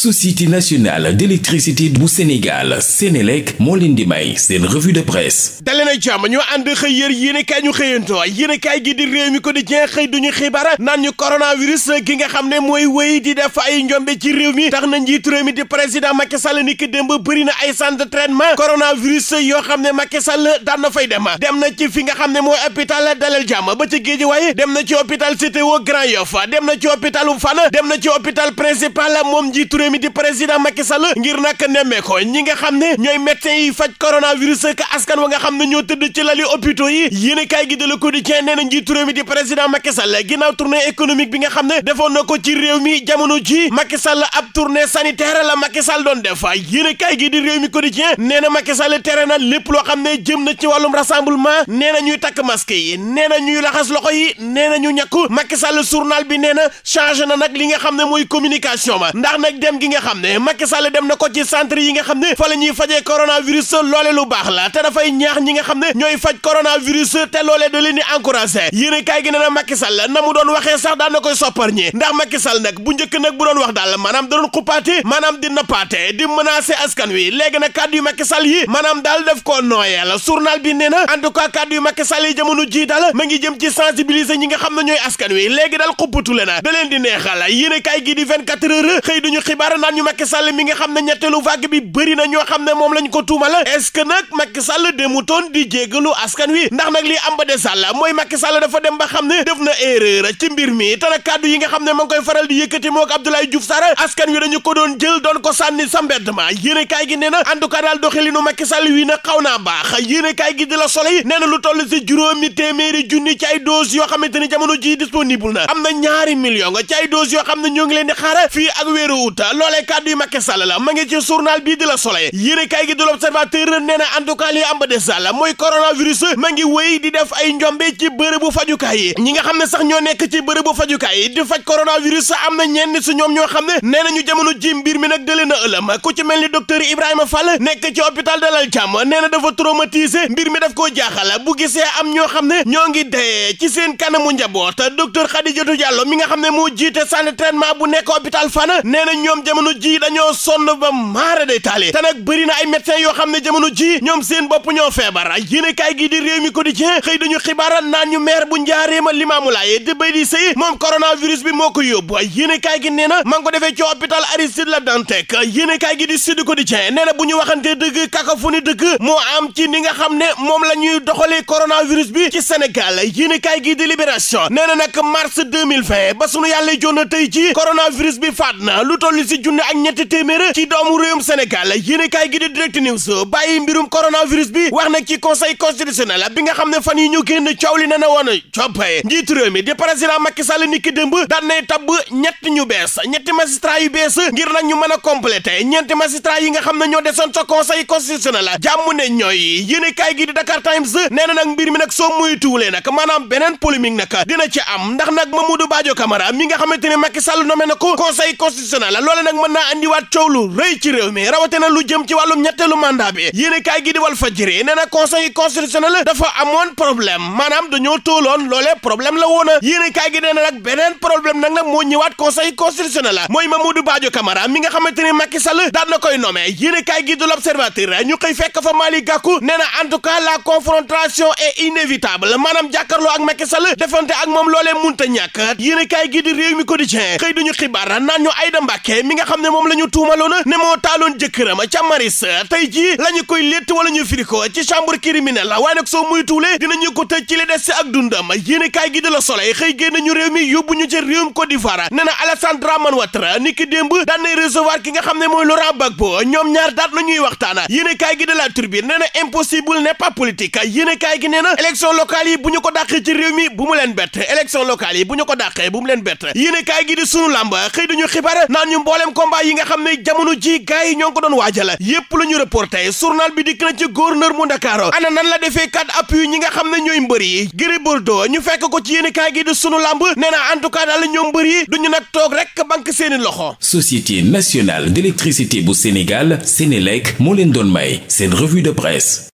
société nationale d'électricité bu Sénégal Sénélec moo leen di may seen revue de presse dale jàmm ñu ànd xëy yër yéenekaay ñu xëyantoo yéenekaay gi di réew mi ko di jeex xëy duñu xibaar naan ñu coronavirus gi nga xam ne mooy wéy di def ay njombe ci réew mi tax na njiit mi di président Macky Sall ni ki démb bëri na ay centre de traitement coronavirus yoo xam ne Macky Sall daan na fay dem dem na ci fi nga xam ne mooy hôpital Dalal Jàmm mi di président Macky Sall ngir nag nemmeeko ñi nga xam ne ñooy médecins yi faj coronavirus ak askan wa nga xam ne ñoo tëdd ci lali hôpitaux yi yéen kaay gi de Le Quotidien nee na njiitu réew mi di président Macky Sall ginnaaw tournée économique bi nga xam ne defoon na ko ci réew mi jamono ji Macky Sall ab tournée sanitaire la Macky Sall doon def yéen kaay gi di réew mi Quotidien nee na Macky Sall tere na lépp loo xam ne jëm na ci wàllum rassemblement nee na ñuy takk masque yi nee na ñuy laxas loxo yi nee na ñu ñàkku Macky Sall journal bi nee na changé na nag li nga xam ne mooy communication gi nga xam ne Macky Sall dem na ko ci centre yi nga xam ne fa la ñuy fajee coronavirus loole na Macky ndax Macky Sall nag bu njëkk nag bu doon wax daal maanaam da doon xupaate maanaam di nappaate di menacé askan wi léegi nag kàddu yu Macky yi maanaam daal def koo nooyal journal bi nee na en tout cas kàddu yi jamono ji ma ngi jëm ci sensibiliser ñi nga xam ne ñooy askan wi léegi daal xuppatule na da di neexal yéen kaay gi di 24 heures xëy duñu xibaar Sarr naan ñu Macky Sall mi nga xam ne ñetteelu vague bi bëri na ñoo xam ne moom lañ ko tuumal est-ce que nag Macky Sall demutoon di jéggalu askan wi ndax nag li am ba de Sall mooy Macky Sall dafa dem ba xam ne def na erreur ci mbir mi te nag kàddu yi nga xam ne ma koy faral di yëkkati moo ko Abdoulaye Diouf Sarr askan wi dañu ko doon jël doon ko sànni sa mbedd ma yéene kaay gi nee na en tout cas daal wi na xaw naa baax yéene kaay gi di la Soleil nee na lu toll si juróomi téeméeri junni ci ay doses ni jamono ji disponible na am na ñaari million ci yoo xam ne ñoo ngi leen di xaar loolee kàddu yu Macky Sall la ma ngi ci journal bii di la Soleil yéene kaay gi di l'Observateur nee na en tout cas li am ba des daal mooy coronavirus ma ngi wéy di def ay njombe ci bërëbu fajukaay yi ñi nga xam ne sax ñoo nekk ci bërëbu fajukaay yi di faj coronavirus am na ñenn si ñoom ñoo xam ne nee nañu jamono ji mbir mi nag dële na ëlëm ku ci mel ni docteur Ibrahima Fall nekk ci hôpital Dalal Jàmm nee na dafa traumatisé mbir mi def koo jaaxal bu gisee am ñoo xam ne ñoo ngi dee ci seen kanamu njaboot docteur Khadijatou Diallo mi nga xam ne moo jiite centre traitement bu nekk hôpital Fann nee na ñoom jamono ji dañoo sonn ba maara day taali te nag bëri na ay médecins yoo xam ne jamono ji ñoom seen bopp ñoo feebar yéene kaay gi di réew mi quotidien xëy dañu xibaara naan ñu maire bu njaareema limaamu laaye di bay di sëy moom coronavirus bi moo ko yóbbu yéene kaay gi nee na ma ngi ko defee ci hôpital Aristide Le Dantec yéene gi di sud quotidien nee na bu ñu waxantee dëgg cacophonie dëgg moo am ci ni nga xam ne moom la ñuy doxalee coronavirus bi ci Sénégal yéene kaay gi di libération nee na nag mars 2020 ba sunu yàlla joon na tey ci coronavirus bi faat na lu toll si fukki junne ak ñetti téeméer ci doomu réewum Sénégal yéen kaay gi di direct news bàyyi mbirum coronavirus bi wax nag ci conseil constitutionnel bi nga xam ne fan yi ñu génn coow li ne na woon coppee njiitu réew di président Macky Sall ni ki démb daan nay tabb ñu bees ñetti magistrat bees ngir nag ñu mën a complété ñeenti magistrat nga xam ne ñoo desoon sa conseil constitutionnel jàmm ne ñooy yéen kaay gi di Dakar Times nee nag mbir nag mën naa andiwaat coow lu rëy ci réew mi rawate na lu jëm ci wàllum ñetteelu mandat bi yéene kaay gi wal fajiri nee na conseil constitutionnel dafa amoon problème maanaam dañoo tóoloon loolee problème la woona yéene kaay gi nee na nag beneen problème nag nag moo ñëwaat conseil constitutionnel la mooy Mamadou Badio Camara mi nga xamante ni Macky Sall daan na koy nommé yéene kaay gi du l'observateur ñu xëy fekk fa Malick Gakou nee na en tout cas la confrontation est inévitable maanaam jàkkaarloo ak ak moom loolee munta ñàkk yéene kaay gi mi nga xam ne moom la ñu tuumaloon ne moo taaloon jëkkëram ca maris tey jii la ñu koy létt wala ñu firi ko ci chambre criminelle waaye nag soo muy tuulee dinañu ko tëj ci li des si ak dundam yéen i kaay gi de la Soleil xëy génn ñu réew mi yóbbu ñu ca réewum Côte d'Ivoire nee na Alassane Dramane Ouattara ni ki démb daan nay recevoir ki nga xam ne mooy Laurent Gbagbo ñoom ñaar daat la ñuy waxtaana yéen i kaay gi de la Tribune nee na impossible n'est pas politique yéen i kaay gi nee na élection locale yi bu ñu ko dàqee ci réew mi bu mu leen bett élection locale yi bu ñu ko dàqee bu mu leen bett yéen i kaay gi di sunu làmb xëy dañu xibaar naan ñu mboole mboolem combat yi nga xam ne jamono ji gars yi ñoo ngi ko doon waajal yépp la ñu reporté journal bi dikk na ci gouverneur mu Dakar ana nan la defee quatre appuis ñi nga xam ne ñooy mbër yi Gris Bordeaux ñu fekk ko ci yéen kaay gi di sunu lamb neena na en tout cas daal ñoom mbër yi duñu nag toog rek banque seeni loxo. Société nationale d'électricité bu Sénégal Sénélec moo leen doon may seen revue de presse.